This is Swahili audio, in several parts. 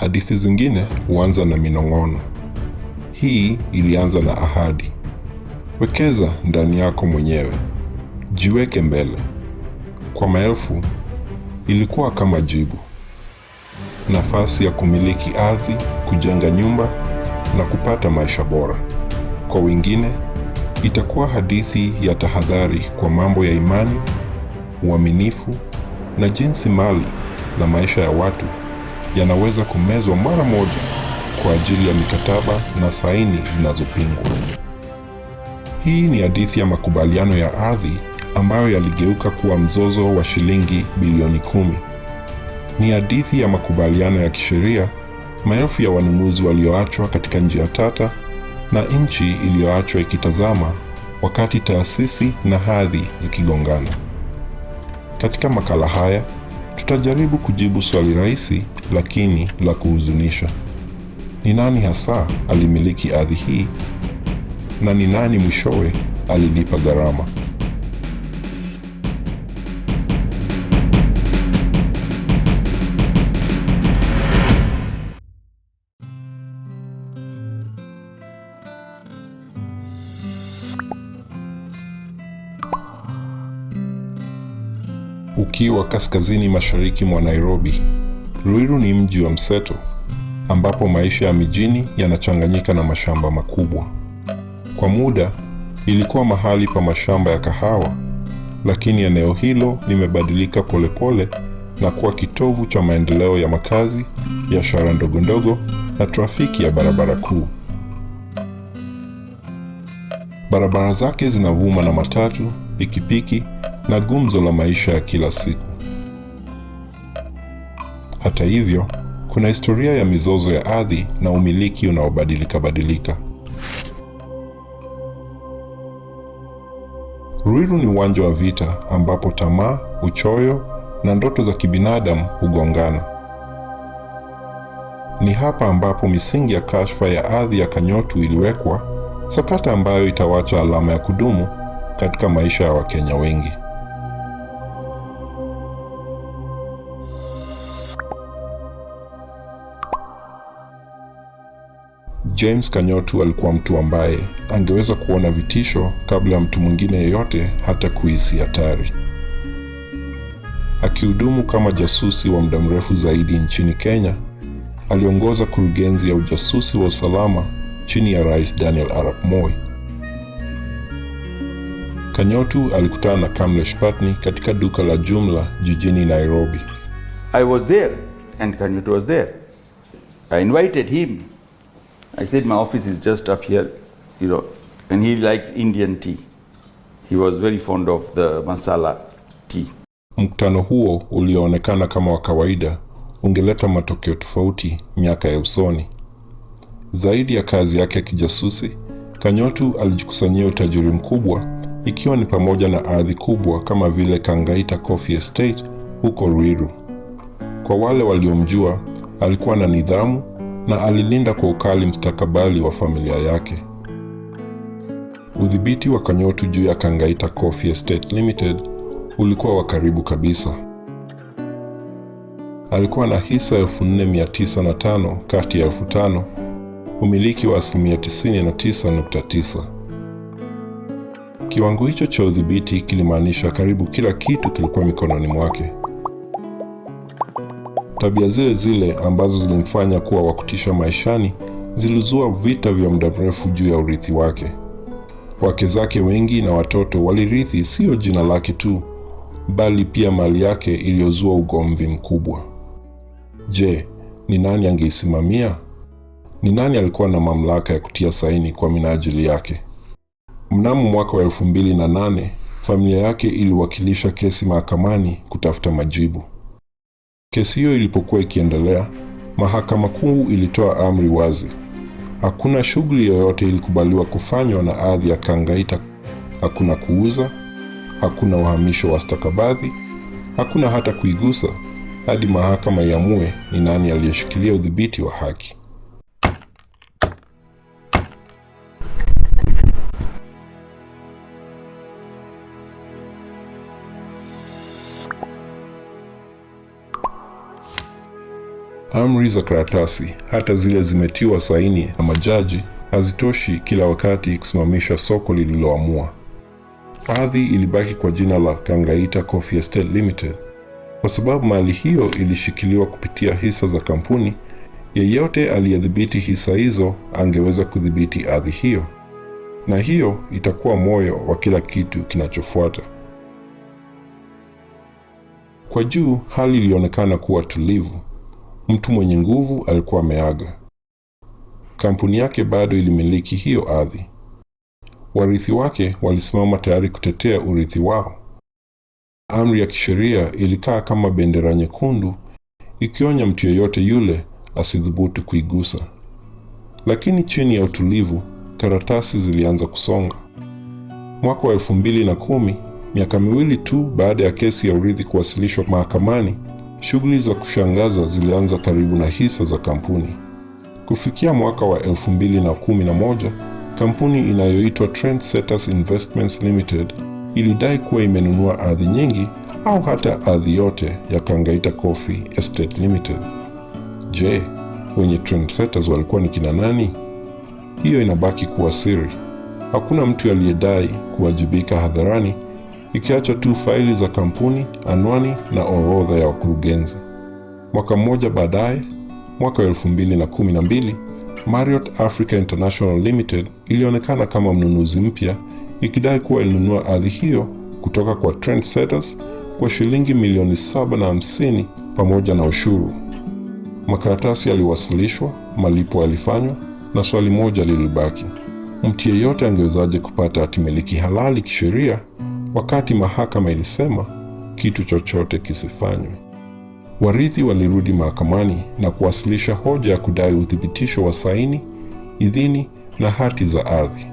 Hadithi zingine huanza na minong'ono. Hii ilianza na ahadi. Wekeza ndani yako mwenyewe, jiweke mbele. Kwa maelfu ilikuwa kama jibu, nafasi ya kumiliki ardhi, kujenga nyumba na kupata maisha bora. Kwa wengine itakuwa hadithi ya tahadhari kwa mambo ya imani, uaminifu na jinsi mali na maisha ya watu yanaweza kumezwa mara moja kwa ajili ya mikataba na saini zinazopingwa. Hii ni hadithi ya makubaliano ya ardhi ambayo yaligeuka kuwa mzozo wa shilingi bilioni kumi. Ni hadithi ya makubaliano ya kisheria, maelfu ya wanunuzi walioachwa katika njia tata na nchi iliyoachwa ikitazama wakati taasisi na hadhi zikigongana. Katika makala haya tutajaribu kujibu swali rahisi lakini la kuhuzunisha. Ni nani hasa alimiliki ardhi hii na ni nani mwishowe alilipa gharama? Ukiwa kaskazini mashariki mwa Nairobi Ruiru ni mji wa mseto ambapo maisha ya mijini yanachanganyika na mashamba makubwa. Kwa muda ilikuwa mahali pa mashamba ya kahawa, lakini eneo hilo limebadilika polepole na kuwa kitovu cha maendeleo ya makazi, biashara ndogondogo na trafiki ya barabara kuu. Barabara zake zinavuma na matatu, pikipiki na gumzo la maisha ya kila siku. Hata hivyo, kuna historia ya mizozo ya ardhi na umiliki unaobadilika badilika. Ruiru ni uwanja wa vita ambapo tamaa, uchoyo na ndoto za kibinadamu hugongana. Ni hapa ambapo misingi ya kashfa ya ardhi ya Kanyotu iliwekwa, sakata ambayo itawacha alama ya kudumu katika maisha ya Wakenya wengi. James Kanyotu alikuwa mtu ambaye angeweza kuona vitisho kabla ya mtu mwingine yeyote hata kuhisi hatari. Akihudumu kama jasusi wa muda mrefu zaidi nchini Kenya, aliongoza kurugenzi ya ujasusi wa usalama chini ya Rais Daniel Arap Moi. Kanyotu alikutana na Kamlesh Patni katika duka la jumla jijini Nairobi. I was there and Kanyotu was there. I invited him I said, my office is just up here, you know, and he liked Indian tea. He was very fond of the masala tea. Mkutano huo ulioonekana kama wa kawaida ungeleta matokeo tofauti miaka ya usoni. Zaidi ya kazi yake ya kijasusi, Kanyotu alijikusanyia utajiri mkubwa ikiwa ni pamoja na ardhi kubwa kama vile Kangaita Coffee Estate huko Ruiru. Kwa wale waliomjua, alikuwa na nidhamu na alilinda kwa ukali mstakabali wa familia yake. Udhibiti wa Kanyotu juu ya Kangaita Coffee Estate Limited ulikuwa wa karibu kabisa. Alikuwa na hisa 4905 kati ya 5000, umiliki wa asilimia 99.9. Kiwango hicho cha udhibiti kilimaanisha karibu kila kitu kilikuwa mikononi mwake. Tabia zile zile ambazo zilimfanya kuwa wa kutisha maishani zilizua vita vya muda mrefu juu ya urithi wake. Wake zake wengi na watoto walirithi siyo jina lake tu, bali pia mali yake iliyozua ugomvi mkubwa. Je, ni nani angeisimamia? Ni nani alikuwa na mamlaka ya kutia saini kwa minajili yake? Mnamo mwaka wa elfu mbili na nane familia yake iliwakilisha kesi mahakamani kutafuta majibu. Kesi hiyo ilipokuwa ikiendelea, Mahakama Kuu ilitoa amri wazi. Hakuna shughuli yoyote ilikubaliwa kufanywa na ardhi ya Kangaita. Hakuna kuuza, hakuna uhamisho wa stakabadhi, hakuna hata kuigusa hadi mahakama iamue ni nani aliyeshikilia udhibiti wa haki. Amri za karatasi, hata zile zimetiwa saini na majaji, hazitoshi kila wakati kusimamisha soko lililoamua. Ardhi ilibaki kwa jina la Kangaita Coffee Estate Limited kwa sababu mali hiyo ilishikiliwa kupitia hisa za kampuni. Yeyote aliyedhibiti hisa hizo angeweza kudhibiti ardhi hiyo, na hiyo itakuwa moyo wa kila kitu kinachofuata. Kwa juu hali ilionekana kuwa tulivu mtu mwenye nguvu alikuwa ameaga. Kampuni yake bado ilimiliki hiyo ardhi. Warithi wake walisimama tayari kutetea urithi wao. Amri ya kisheria ilikaa kama bendera nyekundu ikionya mtu yeyote yule asidhubutu kuigusa. Lakini chini ya utulivu, karatasi zilianza kusonga. Mwaka wa elfu mbili na kumi, miaka miwili tu baada ya kesi ya urithi kuwasilishwa mahakamani, Shughuli za kushangaza zilianza karibu na hisa za kampuni. Kufikia mwaka wa 2011, kampuni inayoitwa Trendsetters Investments Limited ilidai kuwa imenunua ardhi nyingi au hata ardhi yote ya Kangaita Coffee Estate Limited. Je, wenye Trendsetters walikuwa ni kina nani? Hiyo inabaki kuwa siri. Hakuna mtu aliyedai kuwajibika hadharani ikiacha tu faili za kampuni, anwani na orodha ya wakurugenzi. Mwaka mmoja baadaye, mwaka 2012, Marriott Africa International Limited ilionekana kama mnunuzi mpya ikidai kuwa ilinunua ardhi hiyo kutoka kwa Trendsetters kwa shilingi milioni 750 pamoja na ushuru. Makaratasi yaliwasilishwa, malipo yalifanywa na swali moja lilibaki. Mtu yeyote angewezaje kupata hatimiliki halali kisheria Wakati mahakama ilisema kitu chochote kisifanywe, warithi walirudi mahakamani na kuwasilisha hoja ya kudai uthibitisho wa saini, idhini na hati za ardhi.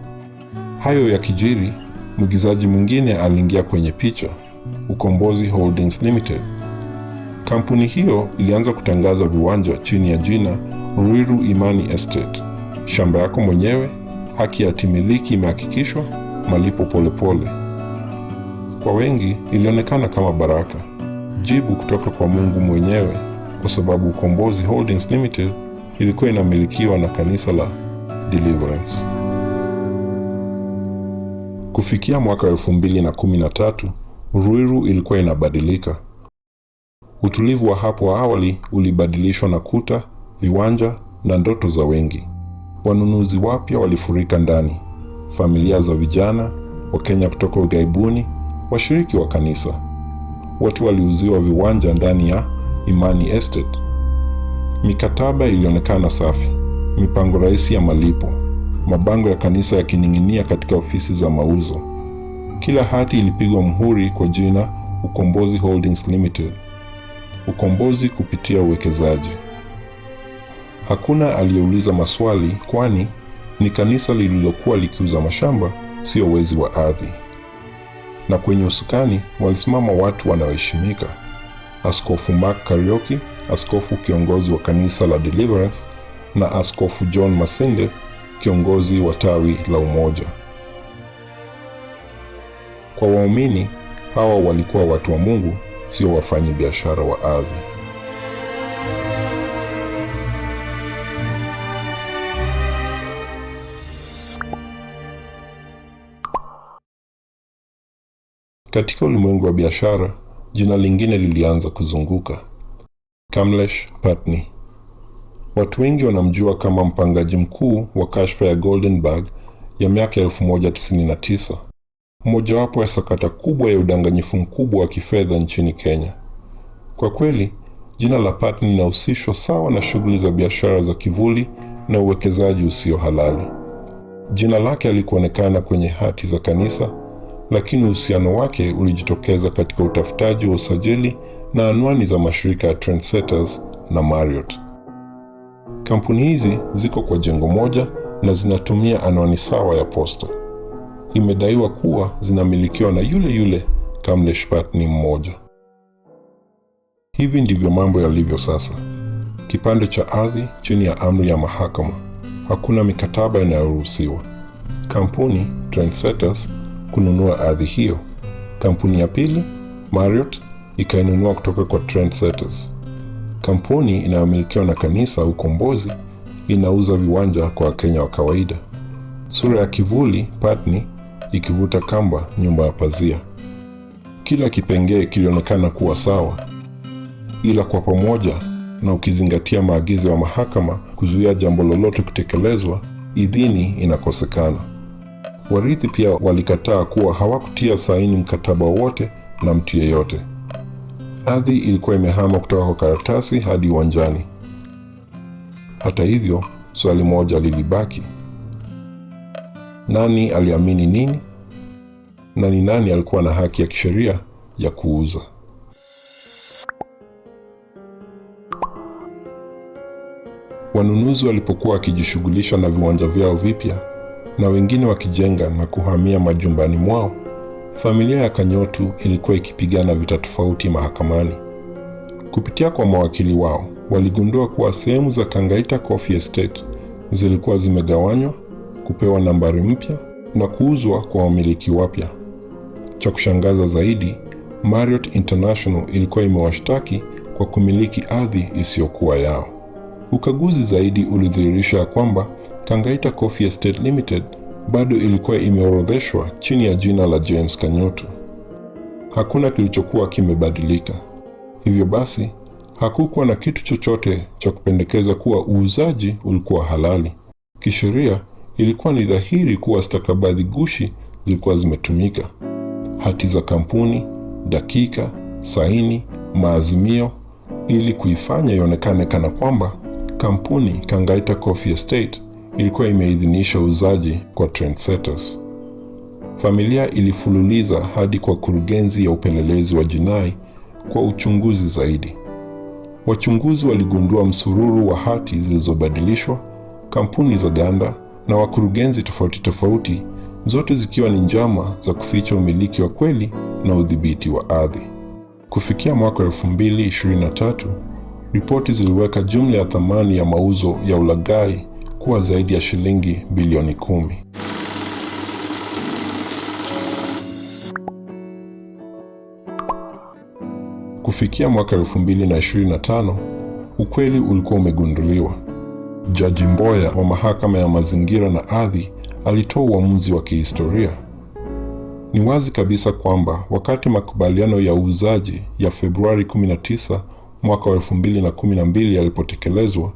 Hayo ya kijiri, mwigizaji mwingine aliingia kwenye picha, Ukombozi Holdings Limited. Kampuni hiyo ilianza kutangaza viwanja chini ya jina Ruiru Imani Estate. Shamba yako mwenyewe, haki ya timiliki imehakikishwa, malipo polepole pole. Kwa wengi ilionekana kama baraka, jibu kutoka kwa Mungu mwenyewe, kwa sababu Ukombozi Holdings Limited ilikuwa inamilikiwa na kanisa la Deliverance. Kufikia mwaka 2013, Ruiru ilikuwa inabadilika. Utulivu wa hapo awali ulibadilishwa na kuta, viwanja na ndoto za wengi. Wanunuzi wapya walifurika ndani, familia za vijana, Wakenya kutoka ughaibuni washiriki wa kanisa. Watu waliuziwa viwanja ndani ya Imani Estate. Mikataba ilionekana safi, mipango rahisi ya malipo, mabango ya kanisa yakining'inia katika ofisi za mauzo. Kila hati ilipigwa mhuri kwa jina Ukombozi Holdings Limited, ukombozi kupitia uwekezaji. Hakuna aliyeuliza maswali, kwani ni kanisa lililokuwa likiuza mashamba, sio wezi wa ardhi na kwenye usukani walisimama watu wanaoheshimika: Askofu Mark karioki askofu kiongozi wa kanisa la Deliverance, na Askofu John Masinde, kiongozi wa tawi la Umoja. Kwa waumini hawa walikuwa watu wa Mungu, sio wafanyi biashara wa ardhi. Katika ulimwengu wa biashara, jina lingine lilianza kuzunguka: Kamlesh patny Watu wengi wanamjua kama mpangaji mkuu wa kashfa ya goldenburg ya miaka 199 mmojawapo ya sakata kubwa ya udanganyifu mkubwa wa kifedha nchini Kenya. Kwa kweli, jina la patny linahusishwa sawa na shughuli za biashara za kivuli na uwekezaji usio halali. Jina lake alikuonekana kwenye hati za kanisa lakini uhusiano wake ulijitokeza katika utafutaji wa usajili na anwani za mashirika ya Trendsetters na Marriott. Kampuni hizi ziko kwa jengo moja na zinatumia anwani sawa ya posta. Imedaiwa kuwa zinamilikiwa na yule yule Kamlesh Patni mmoja. Hivi ndivyo mambo yalivyo sasa. Kipande cha ardhi chini ya amri ya mahakama. Hakuna mikataba inayoruhusiwa. Kampuni Trendsetters kununua ardhi hiyo. Kampuni ya pili, Marriott, ikainunua kutoka kwa Trendsetters. Kampuni inayomilikiwa na kanisa Ukombozi inauza viwanja kwa Wakenya wa kawaida. Sura ya kivuli patni ikivuta kamba nyumba ya pazia. Kila kipengee kilionekana kuwa sawa, ila kwa pamoja, na ukizingatia maagizo ya mahakama kuzuia jambo lolote kutekelezwa, idhini inakosekana. Warithi pia walikataa kuwa hawakutia saini mkataba wote na mtu yeyote. Ardhi ilikuwa imehama kutoka kwa karatasi hadi uwanjani. Hata hivyo, swali moja lilibaki: nani aliamini nini, na ni nani alikuwa na haki ya kisheria ya kuuza? Wanunuzi walipokuwa wakijishughulisha na viwanja vyao vipya na wengine wakijenga na kuhamia majumbani mwao, familia ya Kanyotu ilikuwa ikipigana vita tofauti mahakamani. Kupitia kwa mawakili wao, waligundua kuwa sehemu za Kangaita Coffee Estate zilikuwa zimegawanywa, kupewa nambari mpya na kuuzwa kwa wamiliki wapya. Cha kushangaza zaidi, Marriott International ilikuwa imewashtaki kwa kumiliki ardhi isiyokuwa yao. Ukaguzi zaidi ulidhihirisha kwamba Kangaita Coffee Estate Limited bado ilikuwa imeorodheshwa chini ya jina la James Kanyotu. Hakuna kilichokuwa kimebadilika. Hivyo basi, hakukuwa na kitu chochote cha kupendekeza kuwa uuzaji ulikuwa halali. Kisheria, ilikuwa ni dhahiri kuwa stakabadhi gushi zilikuwa zimetumika. Hati za kampuni, dakika, saini, maazimio ili kuifanya ionekane kana kwamba Kampuni Kangaita Coffee Estate ilikuwa imeidhinisha uuzaji kwa Trendsetters. Familia ilifululiza hadi kwa kurugenzi ya upelelezi wa jinai kwa uchunguzi zaidi. Wachunguzi waligundua msururu wa hati zilizobadilishwa, kampuni za ganda na wakurugenzi tofauti tofauti, zote zikiwa ni njama za kuficha umiliki wa kweli na udhibiti wa ardhi. Kufikia mwaka 2023, Ripoti ziliweka jumla ya thamani ya mauzo ya ulaghai kuwa zaidi ya shilingi bilioni kumi. Kufikia mwaka 2025, ukweli ulikuwa umegunduliwa. Jaji Mboya wa mahakama ya mazingira na ardhi alitoa uamuzi wa kihistoria. Ni wazi kabisa kwamba wakati makubaliano ya uuzaji ya Februari 19 mwaka wa 2012 alipotekelezwa,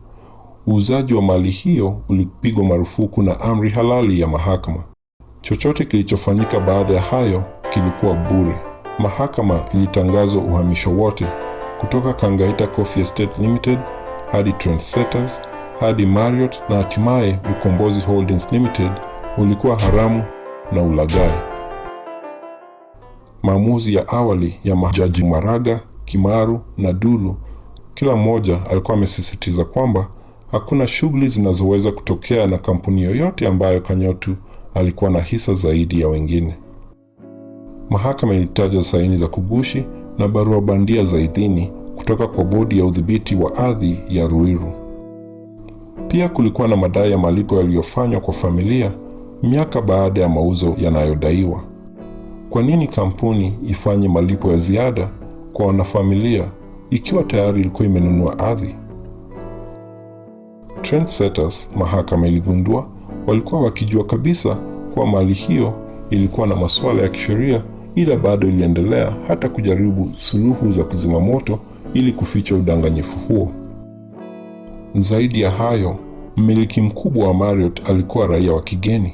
uuzaji wa mali hiyo ulipigwa marufuku na amri halali ya mahakama. Chochote kilichofanyika baada ya hayo kilikuwa bure. Mahakama ilitangaza uhamisho wote kutoka Kangaita Coffee Estate Limited hadi Trendsetters hadi Marriott na hatimaye Ukombozi Holdings Limited ulikuwa haramu na ulaghai. Maamuzi ya awali ya majaji Maraga Kimaru na Dulu, kila mmoja alikuwa amesisitiza kwamba hakuna shughuli zinazoweza kutokea na kampuni yoyote ambayo Kanyotu alikuwa na hisa zaidi ya wengine. Mahakama ilitaja saini za kugushi na barua bandia za idhini kutoka kwa bodi ya udhibiti wa ardhi ya Ruiru. Pia kulikuwa na madai ya malipo yaliyofanywa kwa familia miaka baada ya mauzo yanayodaiwa. Kwa nini kampuni ifanye malipo ya ziada kwa wanafamilia ikiwa tayari ilikuwa imenunua ardhi. Trendsetters, mahakama iligundua, walikuwa wakijua kabisa kuwa mali hiyo ilikuwa na masuala ya kisheria, ila bado iliendelea hata kujaribu suluhu za kuzima moto ili kuficha udanganyifu huo. Zaidi ya hayo, mmiliki mkubwa wa Marriott alikuwa raia wa kigeni.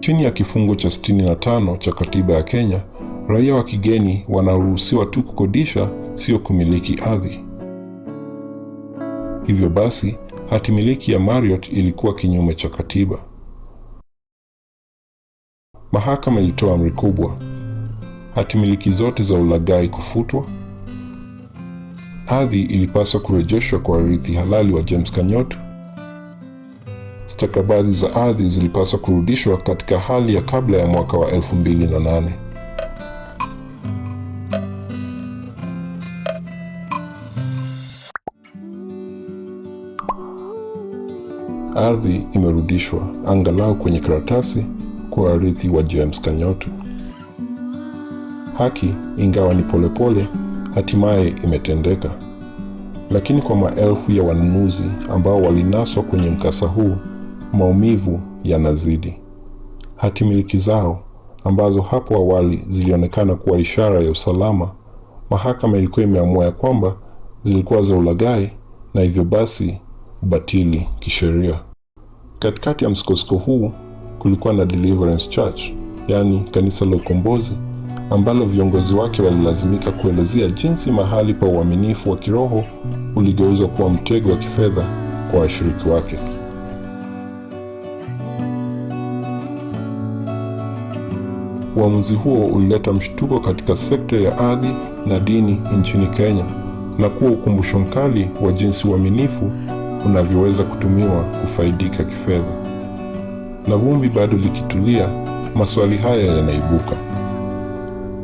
Chini ya kifungu cha 65 cha katiba ya Kenya, Raia wa kigeni wanaruhusiwa tu kukodisha, sio kumiliki ardhi. Hivyo basi, hati miliki ya Marriott ilikuwa kinyume cha katiba. Mahakama ilitoa amri kubwa: hati miliki zote za ulaghai kufutwa. Ardhi ilipaswa kurejeshwa kwa warithi halali wa James Kanyotu. Stakabadhi za ardhi zilipaswa kurudishwa katika hali ya kabla ya mwaka wa 2008. ardhi imerudishwa angalau kwenye karatasi kwa warithi wa James Kanyotu. Haki, ingawa ni polepole, hatimaye imetendeka, lakini kwa maelfu ya wanunuzi ambao walinaswa kwenye mkasa huu, maumivu yanazidi. Hati miliki zao ambazo hapo awali zilionekana kuwa ishara ya usalama, mahakama ilikuwa imeamua ya kwamba zilikuwa za ulaghai na hivyo basi batili kisheria. Katikati ya msukosuko huu kulikuwa na Deliverance Church, yaani kanisa la ukombozi, ambalo viongozi wake walilazimika kuelezea jinsi mahali pa uaminifu wa kiroho uligeuzwa kuwa mtego wa kifedha kwa washiriki wake. Uamuzi huo ulileta mshtuko katika sekta ya ardhi na dini nchini Kenya na kuwa ukumbusho mkali wa jinsi uaminifu unavyoweza kutumiwa kufaidika kifedha. Na vumbi bado likitulia, maswali haya yanaibuka: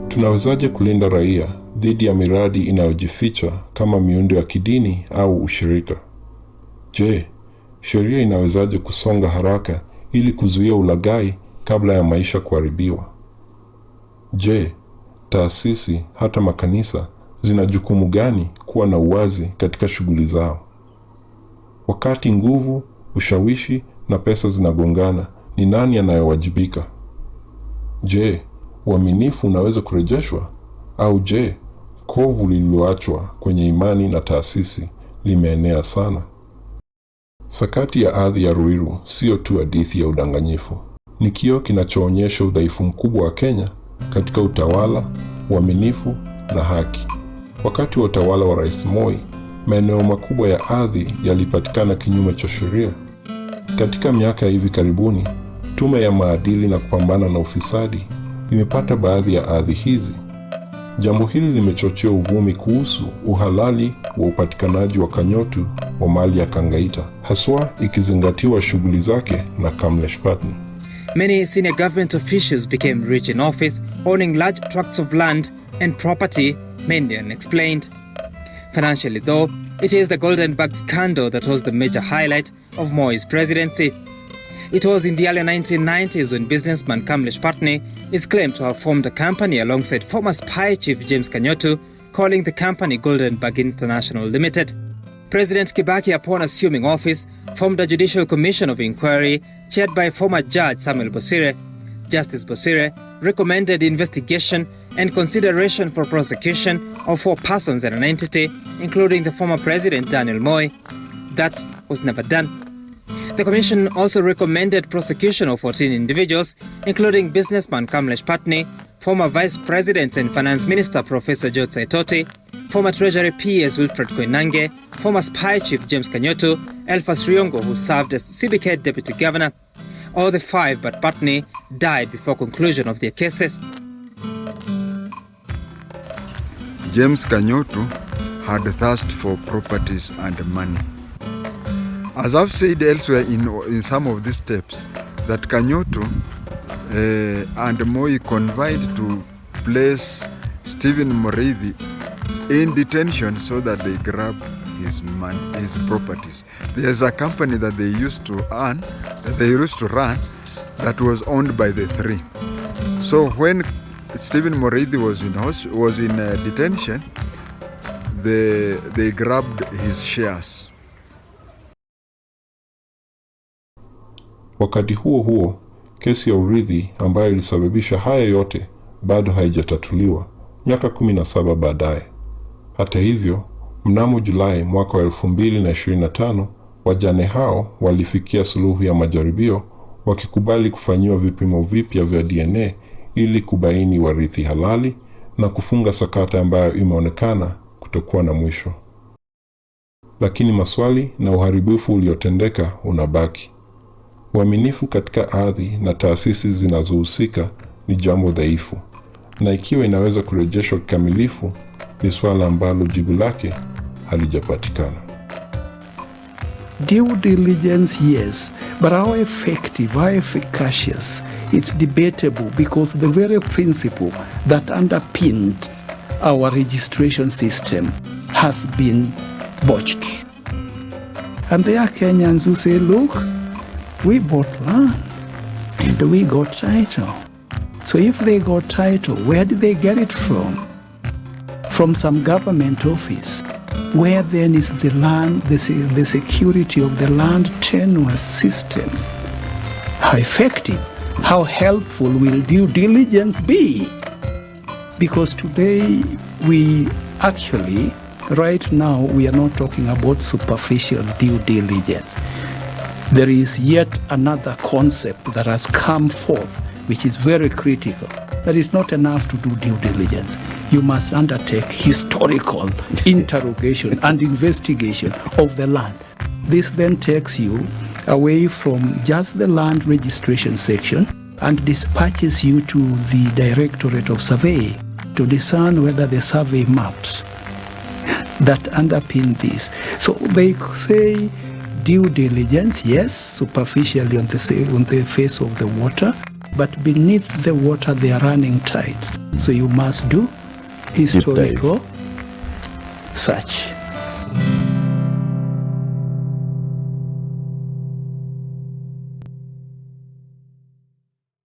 tunawezaje kulinda raia dhidi ya miradi inayojificha kama miundo ya kidini au ushirika? Je, sheria inawezaje kusonga haraka ili kuzuia ulaghai kabla ya maisha kuharibiwa? Je, taasisi hata makanisa zina jukumu gani kuwa na uwazi katika shughuli zao? Wakati nguvu, ushawishi na pesa zinagongana, ni nani anayewajibika? Je, uaminifu unaweza kurejeshwa? Au je, kovu lililoachwa kwenye imani na taasisi limeenea sana? Sakati ya ardhi ya Ruiru siyo tu hadithi ya udanganyifu, ni kioo kinachoonyesha udhaifu mkubwa wa Kenya katika utawala, uaminifu na haki. Wakati wa utawala wa Rais Moi maeneo makubwa ya ardhi yalipatikana kinyume cha sheria. Katika miaka ya hivi karibuni, Tume ya Maadili na Kupambana na Ufisadi imepata baadhi ya ardhi hizi. Jambo hili limechochea uvumi kuhusu uhalali wa upatikanaji wa Kanyotu wa mali ya Kangaita, haswa ikizingatiwa shughuli zake na Kamlesh Patni. Many senior government officials became rich in office, owning large tracts of land and property, Mendian explained. Financially, though, it is the Golden Bug scandal that was the major highlight of Moi's presidency. It was in the early 1990s when businessman Kamlesh Patni is claimed to have formed a company alongside former spy chief James Kanyotu, calling the company Golden Bug International Limited. President Kibaki, upon assuming office, formed a judicial commission of inquiry chaired by former judge Samuel Bosire. Justice Bosire recommended investigation and consideration for prosecution of four persons and an entity, including the former president Daniel Moy. That was never done. The commission also recommended prosecution of 14 individuals, including businessman Kamlesh Patni, former vice president and finance minister Professor George Saitoti, former treasury PS Wilfred Koinange, former spy chief James Kanyoto, Elfas Riongo, who served as CBK deputy governor. All the five but Patni died before conclusion of their cases. James Kanyotu had thirst for properties and money. As I've said elsewhere in, in some of these steps, that Kanyotu uh, eh, and Moi conveyed to place Stephen Moravi in detention so that they grab his man, his properties. There's a company that they used to earn, they used to run, that was owned by the three. So when Stephen Muriithi was in, was in uh, detention. They, they grabbed his shares. Wakati huo huo, kesi ya urithi ambayo ilisababisha haya yote bado haijatatuliwa miaka 17 baadaye. Hata hivyo, mnamo Julai mwaka wa 2025 wajane hao walifikia suluhu ya majaribio wakikubali kufanyiwa vipimo vipya vya DNA ili kubaini warithi halali na kufunga sakata ambayo imeonekana kutokuwa na mwisho. Lakini maswali na uharibifu uliotendeka unabaki. Uaminifu katika ardhi na taasisi zinazohusika ni jambo dhaifu, na ikiwa inaweza kurejeshwa kikamilifu, ni swala ambalo jibu lake halijapatikana. Due diligence, yes, but how effective, how efficacious, it's debatable because the very principle that underpinned our registration system has been botched. And there are Kenyans who say, look, we bought land and we got title. So if they got title, where did they get it from? From some government office. Where then is the land, the, the security of the land tenure system? How effective, how helpful will due diligence be? Because today we actually, right now, we are not talking about superficial due diligence. There is yet another concept that has come forth which is very critical. That is not enough to do due diligence. You must undertake historical interrogation and investigation of the land. This then takes you away from just the land registration section and dispatches you to the Directorate of Survey to discern whether the survey maps that underpin this. So they say due diligence, yes, superficially on the, on the face of the water, but beneath the water they are running tight So you must do historical search.